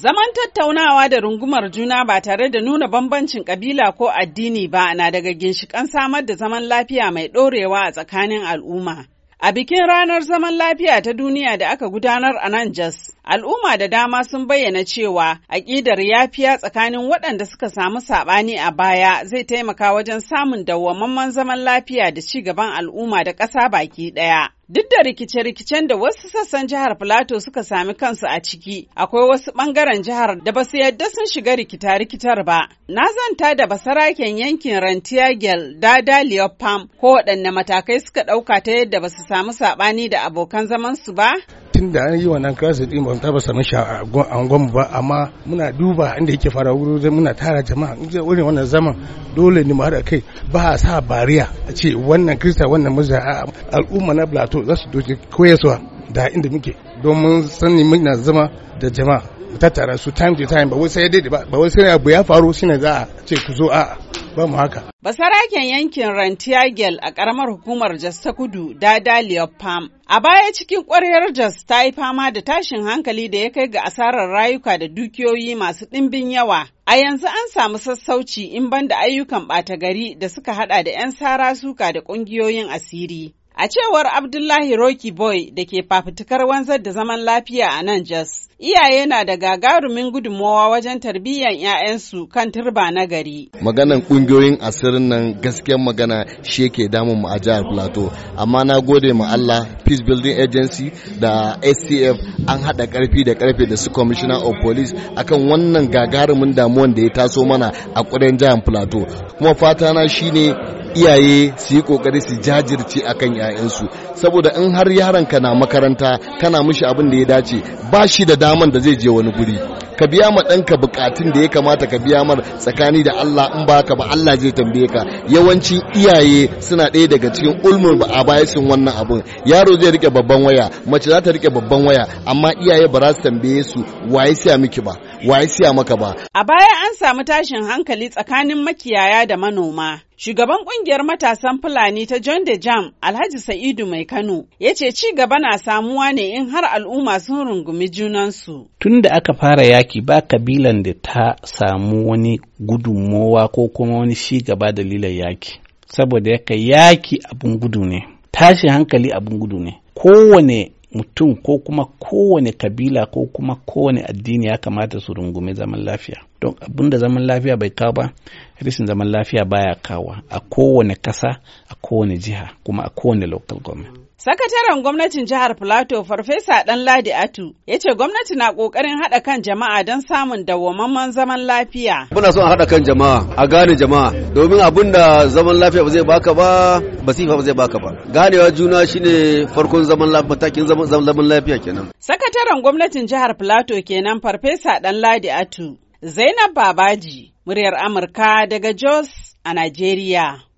Zaman tattaunawa da rungumar juna ba tare da nuna bambancin kabila ko addini ba na daga ginshikan samar da zaman lafiya mai ɗorewa a tsakanin al'umma. A bikin ranar zaman lafiya ta duniya da aka gudanar a nan Jos, al'umma da dama sun bayyana cewa aƙidar yafiya tsakanin waɗanda suka samu saɓani a baya zai taimaka wajen samun dawwamman zaman lafiya da ci gaban al'umma da ƙasa baki ɗaya. Duk da rikice-rikicen da wasu sassan jihar Filato suka sami kansu a ciki, akwai wasu ɓangaren jihar da ba su yadda sun shiga rikita-rikitar ba. Na zanta da basaraken yankin rantiagel Dada Leopam ko waɗanne matakai suka ɗauka ta yadda ba su samu saɓani da abokan zamansu ba? tun da an yi wannan crisis ɗin ba ta taba samu shagon a angon ba amma muna duba inda yake fara wuri muna tara jama'a in je wurin wannan zaman dole ne mu haɗa kai ba a sa bariya a ce wannan kirista wannan a al'umma na plateau za su doke koyaswa da inda muke domin sani muna zama da jama'a tattara su time to time ba wai sai dai ba wai sai abu ya faru shine za a ce ku zo a ba mu haka basaraken yankin rantiagel a karamar hukumar jos ta kudu dada leopam a baya cikin kwaryar jos ta yi fama da tashin hankali da ya kai ga asarar rayuka da dukiyoyi masu ɗimbin yawa a yanzu an samu sassauci in ban da ayyukan ɓata gari da suka hada da 'yan sara suka da ƙungiyoyin asiri A cewar Abdullahi "Rocky Boy da ke fafutukar wanzar da zaman lafiya a nan Jos, iyaye na da gagarumin gudunmowa wajen tarbiyyar 'ya'yansu kan turba na gari. Maganan kungiyoyin asirin nan gaskiyar magana shi yake damun mu a jihar Plateau, amma na gode ma Allah Peace Building Agency da STF an haɗa ƙarfi da ƙarfe da su Commissioner of Police akan wannan gagarumin damuwan da ya taso mana a kudin jihar Plateau. Kuma fata na shine iyaye su yi kokari su jajirce a kan yayansu saboda in har yaron ka na makaranta kana mishi abin da ya dace ba shi da daman da zai je wani guri ka biya ma ɗanka bukatun da ya kamata ka biya mar tsakani da Allah in ba ka ba Allah zai tambaye ka yawancin iyaye suna ɗaya daga cikin ulmul ba a bayasin wannan abun yaro zai rike babban waya mace za ta rike babban waya amma iyaye ba za su tambaye su waye siya miki ba Wa ya siya maka ba. A baya an samu tashin hankali tsakanin makiyaya da manoma. Shugaban kungiyar matasan Fulani ta John de Jam, Alhaji Sa'idu Mai Kano, ya ce ci gaba na samuwa ne in har al'umma sun rungumi junansu. Tun da aka fara yaki ba kabilan da ta samu wani gudummawa ko kuma wani shi gaba dalilan yaki. Saboda yaka yaki abun gudu ne, tashin hankali abun gudu ne. Kowane mutum ko kuma kowane kabila ko kuma kowane addini ya kamata su rungume zaman lafiya don abin da zaman lafiya bai kawo ba rashin zaman lafiya baya kawa a kowane kasa a kowane jiha kuma a kowane local government Sakataren gwamnatin jihar Filato Farfesa Ɗanladi Atu ya ce gwamnati na ƙoƙarin haɗa kan jama'a don samun dawwamamman zaman lafiya. Muna son a haɗa kan jama'a, a gane jama'a, domin abin da zaman lafiya ba zai baka ba, basifa ba zai baka ba. Ganewa juna shine farkon zaman lafiya, matakin zaman lafiya kenan. Sakataren gwamnatin jihar Filato kenan Farfesa Ɗanladi Atu. Zainab Babaji, muryar Amurka daga Jos a Najeriya.